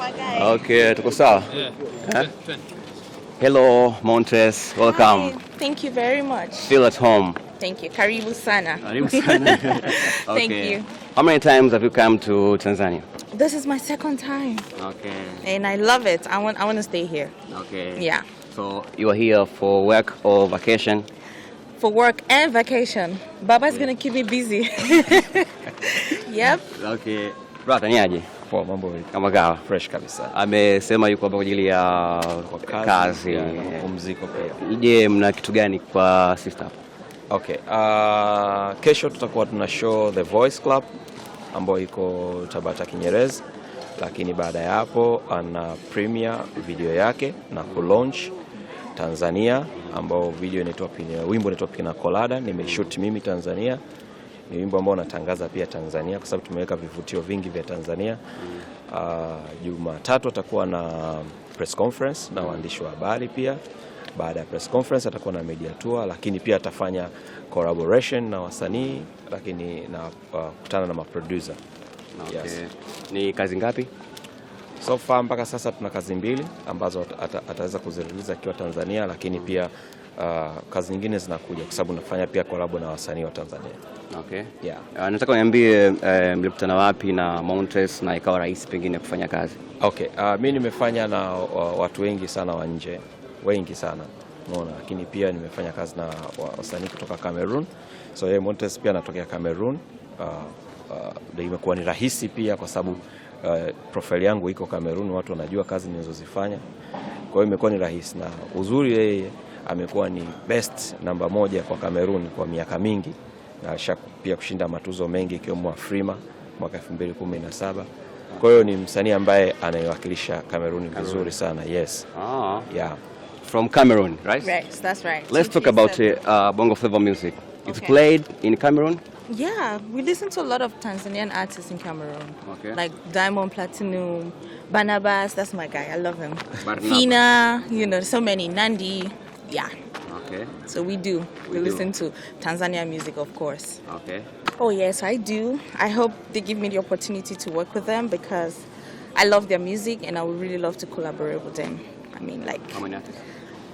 Okay, tuko sawa. Yeah. Huh? Hello, Montes. Welcome. Hi. Thank you very much. Feel at home. Thank you. Karibu sana. Karibu sana. okay. Thank you. How many times have you come to Tanzania? This is my second time. Okay. And I love it. I want I want to stay here. Okay. Yeah. So you are here for work or vacation? For work and vacation. Baba's yeah. going to keep me busy. yep. Okay. Rata tanyaje? poa, mambo kama kawa, fresh kabisa. Amesema yuko hapa kwa ajili ya kazi na mapumziko pia. Je, mna kitu gani kwa sister hapa? Okay. Uh, kesho tutakuwa tuna show The Voice Club ambayo iko Tabata Kinyerezi, lakini baada ya hapo ana premiere video yake na kulaunch Tanzania ambao video inaitwa wimbo inaitwa Pina Colada, nimeshoot mimi Tanzania ni wimbo ambao unatangaza pia Tanzania kwa sababu tumeweka vivutio vingi vya Tanzania. Uh, Jumatatu atakuwa na press conference na waandishi wa habari pia. Baada ya press conference atakuwa na media tour, lakini pia atafanya collaboration na wasanii, lakini na uh, kutana na maproducer. Okay. Yes. Ni kazi ngapi? So far mpaka sasa tuna kazi mbili ambazo ataweza kuzirelease akiwa Tanzania, lakini pia uh, kazi nyingine zinakuja kwa sababu nafanya pia kolabo na wasanii wa Tanzania. Okay. Yeah. Uh, nataka uniambie uh, mlikutana wapi na Montres na ikawa rahisi pengine kufanya kazi? Okay. Uh, mimi nimefanya na uh, watu wengi sana wa nje, wengi sana unaona, lakini pia nimefanya kazi na wasanii kutoka Cameroon. So yeye Montres pia anatokea Cameroon. Uh, uh, imekuwa ni rahisi pia kwa sababu uh, profile yangu iko Kamerun, watu wanajua kazi ninazozifanya, kwa hiyo imekuwa ni rahisi, na uzuri yeye amekuwa ni best namba moja kwa Kamerun kwa miaka mingi na pia kushinda matuzo mengi ikiwemo Afrima mwaka 2017. Kwa hiyo ni msanii ambaye anayewakilisha Kamerun vizuri sana. Yes. Ah. Yeah. From Cameroon, right? Right, that's right. Let's talk about uh, Bongo Flava music. It's played in Cameroon? Yeah, we listen to a lot of Tanzanian artists in Cameroon. Okay. Like Diamond Platinum, Barnabas, that's my guy, I love him. Barnabas. Fina, you know, so many. Nandi, yeah. Okay. So we do. We, we listen to Tanzanian music, of course. Okay. Oh, yes, I do. I hope they give me the opportunity to work with them because I love their music and I would really love to collaborate with them. I mean, like. How many artists?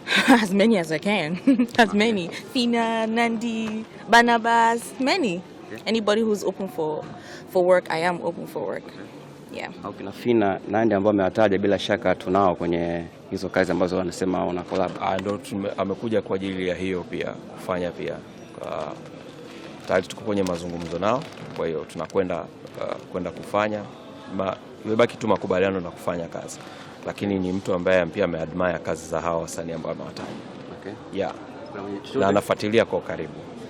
as many as I can. as many. Fina, Nandi, Banabas, many. Okay. Anybody who's open for, for work, I am open for work. Yeah. na Fina, Nandi ambao amewataja bila shaka tunao kwenye hizo kazi ambazo wanasema una collab. Ah, ndo amekuja kwa ajili ya hiyo pia kufanya pia ah, tayari tuko kwenye mazungumzo nao, kwa hiyo tunakwenda uh, kwenda kufanya imebaki tu makubaliano na kufanya kazi lakini ni mtu ambaye pia ameadmire kazi za hawa wasanii ambao amewataja. Okay. Yeah. Na anafuatilia kwa karibu.